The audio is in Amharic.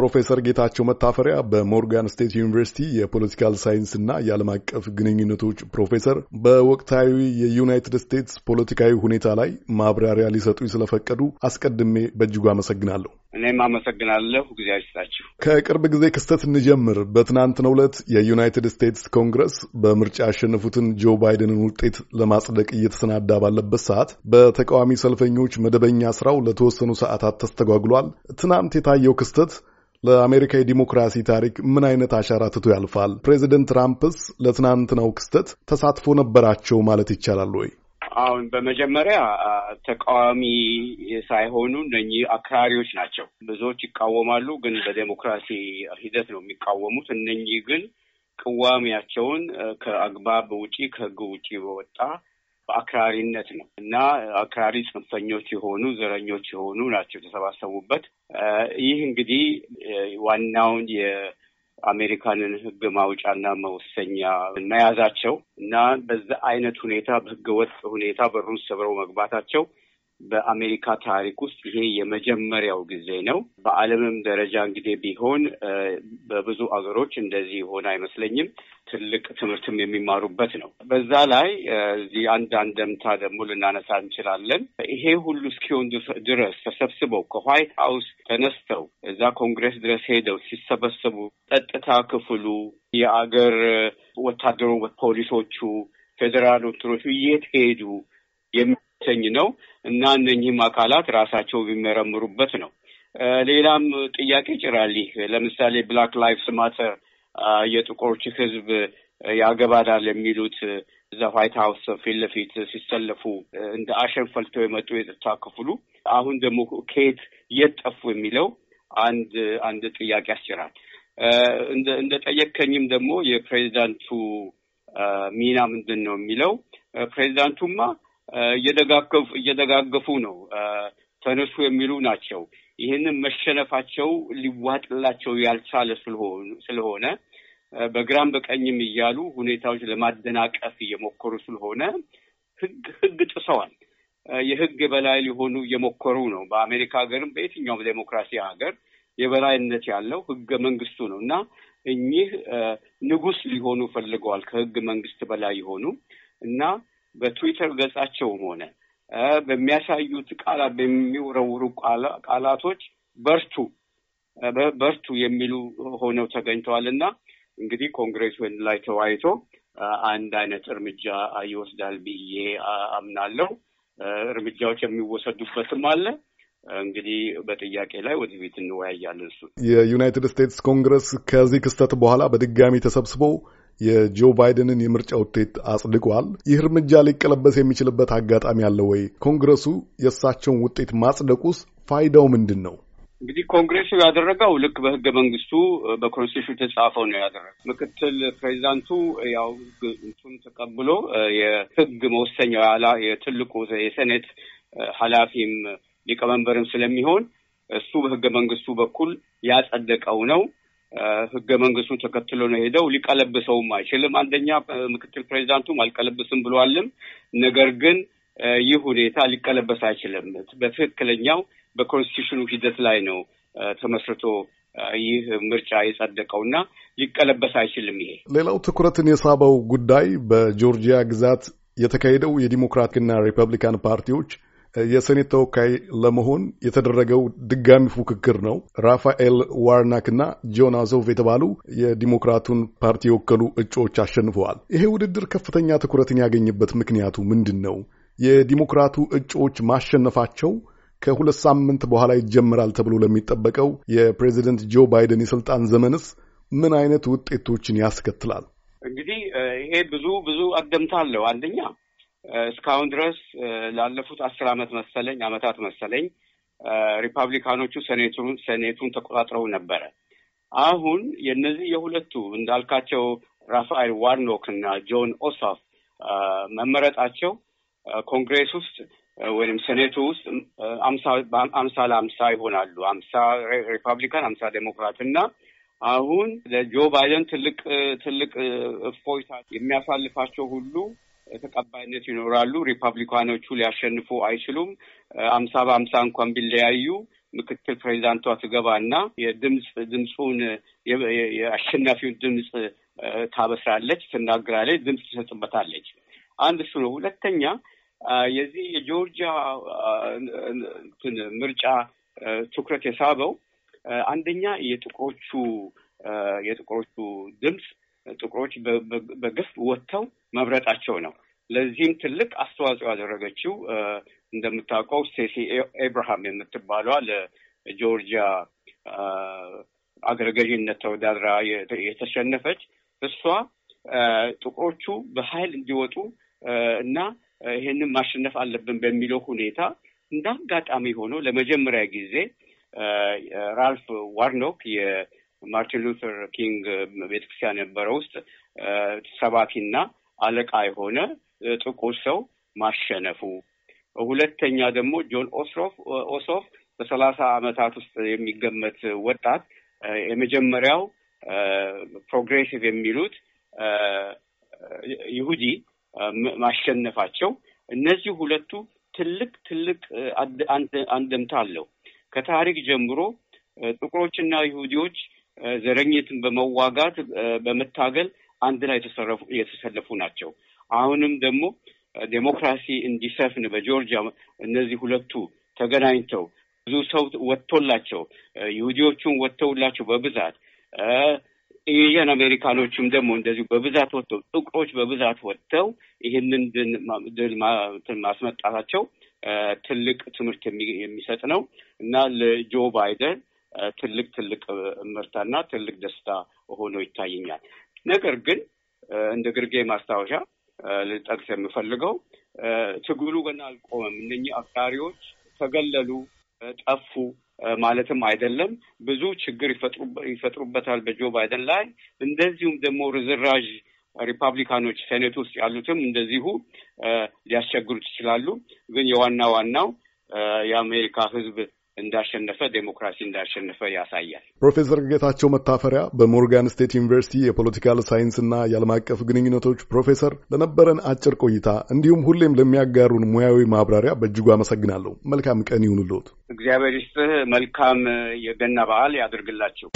ፕሮፌሰር ጌታቸው መታፈሪያ በሞርጋን ስቴት ዩኒቨርሲቲ የፖለቲካል ሳይንስ እና የዓለም አቀፍ ግንኙነቶች ፕሮፌሰር በወቅታዊ የዩናይትድ ስቴትስ ፖለቲካዊ ሁኔታ ላይ ማብራሪያ ሊሰጡ ስለፈቀዱ አስቀድሜ በእጅጉ አመሰግናለሁ። እኔም አመሰግናለሁ። ጊዜ አይስታችሁ። ከቅርብ ጊዜ ክስተት እንጀምር። በትናንትናው ዕለት የዩናይትድ ስቴትስ ኮንግረስ በምርጫ ያሸነፉትን ጆ ባይደንን ውጤት ለማጽደቅ እየተሰናዳ ባለበት ሰዓት በተቃዋሚ ሰልፈኞች መደበኛ ስራው ለተወሰኑ ሰዓታት ተስተጓጉሏል። ትናንት የታየው ክስተት ለአሜሪካ የዲሞክራሲ ታሪክ ምን አይነት አሻራ ትቶ ያልፋል? ፕሬዚደንት ትራምፕስ ለትናንትናው ክስተት ተሳትፎ ነበራቸው ማለት ይቻላል ወይ? አሁን በመጀመሪያ ተቃዋሚ ሳይሆኑ እነኚህ አክራሪዎች ናቸው። ብዙዎች ይቃወማሉ፣ ግን በዴሞክራሲ ሂደት ነው የሚቃወሙት። እነኚህ ግን ቅዋሚያቸውን ከአግባብ ውጪ ከህግ ውጪ በወጣ በአክራሪነት ነው እና አክራሪ ጽንፈኞች የሆኑ ዘረኞች የሆኑ ናቸው የተሰባሰቡበት። ይህ እንግዲህ ዋናውን የአሜሪካንን ህግ ማውጫና መወሰኛ መያዛቸው እና በዛ አይነት ሁኔታ በህገ ወጥ ሁኔታ በሩን ሰብረው መግባታቸው በአሜሪካ ታሪክ ውስጥ ይሄ የመጀመሪያው ጊዜ ነው። በዓለምም ደረጃ እንግዲህ ቢሆን በብዙ አገሮች እንደዚህ የሆነ አይመስለኝም። ትልቅ ትምህርትም የሚማሩበት ነው። በዛ ላይ እዚህ አንድ አንደምታ ደግሞ ልናነሳ እንችላለን። ይሄ ሁሉ እስኪሆን ድረስ ተሰብስበው ከዋይት ሀውስ ተነስተው እዛ ኮንግረስ ድረስ ሄደው ሲሰበሰቡ ጸጥታ ክፍሉ የአገር ወታደሮ፣ ፖሊሶቹ፣ ፌዴራል ወታደሮቹ የት ሄዱ ተኝ ነው እና እነኚህም አካላት ራሳቸው ቢመረምሩበት ነው። ሌላም ጥያቄ ጭራል። ይህ ለምሳሌ ብላክ ላይፍስ ማተር የጥቁሮች ህዝብ ያገባናል የሚሉት እዛ ዋይት ሀውስ ፊት ለፊት ሲሰለፉ እንደ አሸን ፈልተው የመጡ የጸጥታ ክፍሉ አሁን ደግሞ ከየት የት ጠፉ የሚለው አንድ አንድ ጥያቄ ያስችራል እንደ ጠየከኝም ደግሞ የፕሬዚዳንቱ ሚና ምንድን ነው የሚለው ፕሬዚዳንቱማ እየደጋገፉ ነው። ተነሱ የሚሉ ናቸው። ይህንን መሸነፋቸው ሊዋጥላቸው ያልቻለ ስለሆነ በግራም በቀኝም እያሉ ሁኔታዎች ለማደናቀፍ እየሞከሩ ስለሆነ ህግ ህግ ጥሰዋል። የህግ የበላይ ሊሆኑ እየሞከሩ ነው። በአሜሪካ ሀገርም በየትኛውም ዴሞክራሲ ሀገር የበላይነት ያለው ህገ መንግስቱ ነው እና እኚህ ንጉስ ሊሆኑ ፈልገዋል ከህገ መንግስት በላይ የሆኑ እና በትዊተር ገጻቸውም ሆነ በሚያሳዩት ቃላት በሚወረውሩ ቃላቶች በርቱ በርቱ የሚሉ ሆነው ተገኝተዋል እና እንግዲህ ኮንግሬሱ ላይ ተወያይቶ አንድ አይነት እርምጃ ይወስዳል ብዬ አምናለሁ። እርምጃዎች የሚወሰዱበትም አለ። እንግዲህ በጥያቄ ላይ ወደፊት እንወያያለን። እሱ የዩናይትድ ስቴትስ ኮንግረስ ከዚህ ክስተት በኋላ በድጋሚ ተሰብስበው የጆ ባይደንን የምርጫ ውጤት አጽድቋል። ይህ እርምጃ ሊቀለበስ የሚችልበት አጋጣሚ አለ ወይ? ኮንግረሱ የእሳቸውን ውጤት ማጽደቁስ ፋይዳው ምንድን ነው? እንግዲህ ኮንግሬሱ ያደረገው ልክ በህገ መንግስቱ በኮንስቲቱሽን የተጻፈው ነው ያደረገው። ምክትል ፕሬዚዳንቱ ያው እንትን ተቀብሎ የህግ መወሰኛው ያላ የትልቁ የሴኔት ኃላፊም ሊቀመንበርም ስለሚሆን እሱ በህገ መንግስቱ በኩል ያጸደቀው ነው። ህገ መንግስቱን ተከትሎ ነው ሄደው ሊቀለብሰውም አይችልም። አንደኛ ምክትል ፕሬዚዳንቱም አልቀለብስም ብሏልም። ነገር ግን ይህ ሁኔታ ሊቀለበስ አይችልም። በትክክለኛው በኮንስቲቱሽኑ ሂደት ላይ ነው ተመስርቶ ይህ ምርጫ የጸደቀውና ሊቀለበስ አይችልም። ይሄ ሌላው ትኩረትን የሳበው ጉዳይ በጆርጂያ ግዛት የተካሄደው የዲሞክራትና ሪፐብሊካን ፓርቲዎች የሴኔት ተወካይ ለመሆን የተደረገው ድጋሚ ፉክክር ነው። ራፋኤል ዋርናክ እና ጆን የተባሉ የዲሞክራቱን ፓርቲ የወከሉ እጩዎች አሸንፈዋል። ይሄ ውድድር ከፍተኛ ትኩረትን ያገኘበት ምክንያቱ ምንድን ነው? የዲሞክራቱ እጩዎች ማሸነፋቸው ከሁለት ሳምንት በኋላ ይጀምራል ተብሎ ለሚጠበቀው የፕሬዚደንት ጆ ባይደን የስልጣን ዘመንስ ምን አይነት ውጤቶችን ያስከትላል? እንግዲህ ይሄ ብዙ ብዙ አገምታ አለው። አንደኛ እስካሁን ድረስ ላለፉት አስር አመት መሰለኝ አመታት መሰለኝ ሪፐብሊካኖቹ ሴኔቱን ሴኔቱን ተቆጣጥረው ነበረ። አሁን የነዚህ የሁለቱ እንዳልካቸው ራፋኤል ዋርኖክ እና ጆን ኦሳፍ መመረጣቸው ኮንግሬስ ውስጥ ወይም ሴኔቱ ውስጥ አምሳ ለአምሳ ይሆናሉ። አምሳ ሪፐብሊካን፣ አምሳ ዴሞክራት እና አሁን ለጆ ባይደን ትልቅ ትልቅ እፎይታ የሚያሳልፋቸው ሁሉ ተቀባይነት ይኖራሉ። ሪፐብሊካኖቹ ሊያሸንፉ አይችሉም። አምሳ በአምሳ እንኳን ቢለያዩ ምክትል ፕሬዚዳንቷ እና የድምፅ ድምፁን የአሸናፊውን ድምፅ ታበስራለች፣ ትናገራለች፣ ድምፅ ትሰጥበታለች። አንድ እሱ ነው። ሁለተኛ የዚህ የጆርጂያ እንትን ምርጫ ትኩረት የሳበው አንደኛ የጥቁሮቹ የጥቁሮቹ ድምፅ ጥቁሮች በግፍ ወጥተው መምረጣቸው ነው። ለዚህም ትልቅ አስተዋጽኦ ያደረገችው እንደምታውቀው ስቴሲ ኤብርሃም የምትባሏ ለጆርጂያ አገረ ገዥነት ተወዳድራ የተሸነፈች እሷ ጥቁሮቹ በኃይል እንዲወጡ እና ይህንን ማሸነፍ አለብን በሚለው ሁኔታ እንደ አጋጣሚ ሆኖ ለመጀመሪያ ጊዜ ራልፍ ዋርኖክ ማርቲን ሉተር ኪንግ ቤተክርስቲያን ነበረ ውስጥ ሰባኪና አለቃ የሆነ ጥቁር ሰው ማሸነፉ፣ ሁለተኛ ደግሞ ጆን ኦስሮፍ ኦሶፍ በሰላሳ አመታት ውስጥ የሚገመት ወጣት የመጀመሪያው ፕሮግሬሲቭ የሚሉት ይሁዲ ማሸነፋቸው እነዚህ ሁለቱ ትልቅ ትልቅ አንድምታ አለው። ከታሪክ ጀምሮ ጥቁሮችና ይሁዲዎች ዘረኝትን በመዋጋት በመታገል አንድ ላይ የተሰለፉ ናቸው። አሁንም ደግሞ ዴሞክራሲ እንዲሰፍን በጆርጂያ እነዚህ ሁለቱ ተገናኝተው ብዙ ሰው ወጥቶላቸው ይሁዲዎቹን ወጥተውላቸው በብዛት ኤዥያን አሜሪካኖችም ደግሞ እንደዚሁ በብዛት ወጥተው ጥቁሮች በብዛት ወጥተው ይህንን ድል ማስመጣታቸው ትልቅ ትምህርት የሚሰጥ ነው እና ለጆ ባይደን ትልቅ ትልቅ ምርታና ትልቅ ደስታ ሆኖ ይታየኛል። ነገር ግን እንደ ግርጌ ማስታወሻ ልጠቅስ የምፈልገው ትግሉ ገና አልቆመም። እነኚህ አክራሪዎች ተገለሉ፣ ጠፉ ማለትም አይደለም። ብዙ ችግር ይፈጥሩበታል በጆ ባይደን ላይ እንደዚሁም ደግሞ ርዝራዥ ሪፐብሊካኖች ሴኔት ውስጥ ያሉትም እንደዚሁ ሊያስቸግሩት ይችላሉ። ግን የዋና ዋናው የአሜሪካ ሕዝብ እንዳሸነፈ ዴሞክራሲ እንዳሸነፈ ያሳያል። ፕሮፌሰር ጌታቸው መታፈሪያ በሞርጋን ስቴት ዩኒቨርሲቲ የፖለቲካል ሳይንስና የዓለም አቀፍ ግንኙነቶች ፕሮፌሰር፣ ለነበረን አጭር ቆይታ እንዲሁም ሁሌም ለሚያጋሩን ሙያዊ ማብራሪያ በእጅጉ አመሰግናለሁ። መልካም ቀን ይሁንልዎት። እግዚአብሔር ይስጥህ። መልካም የገና በዓል ያድርግላቸው።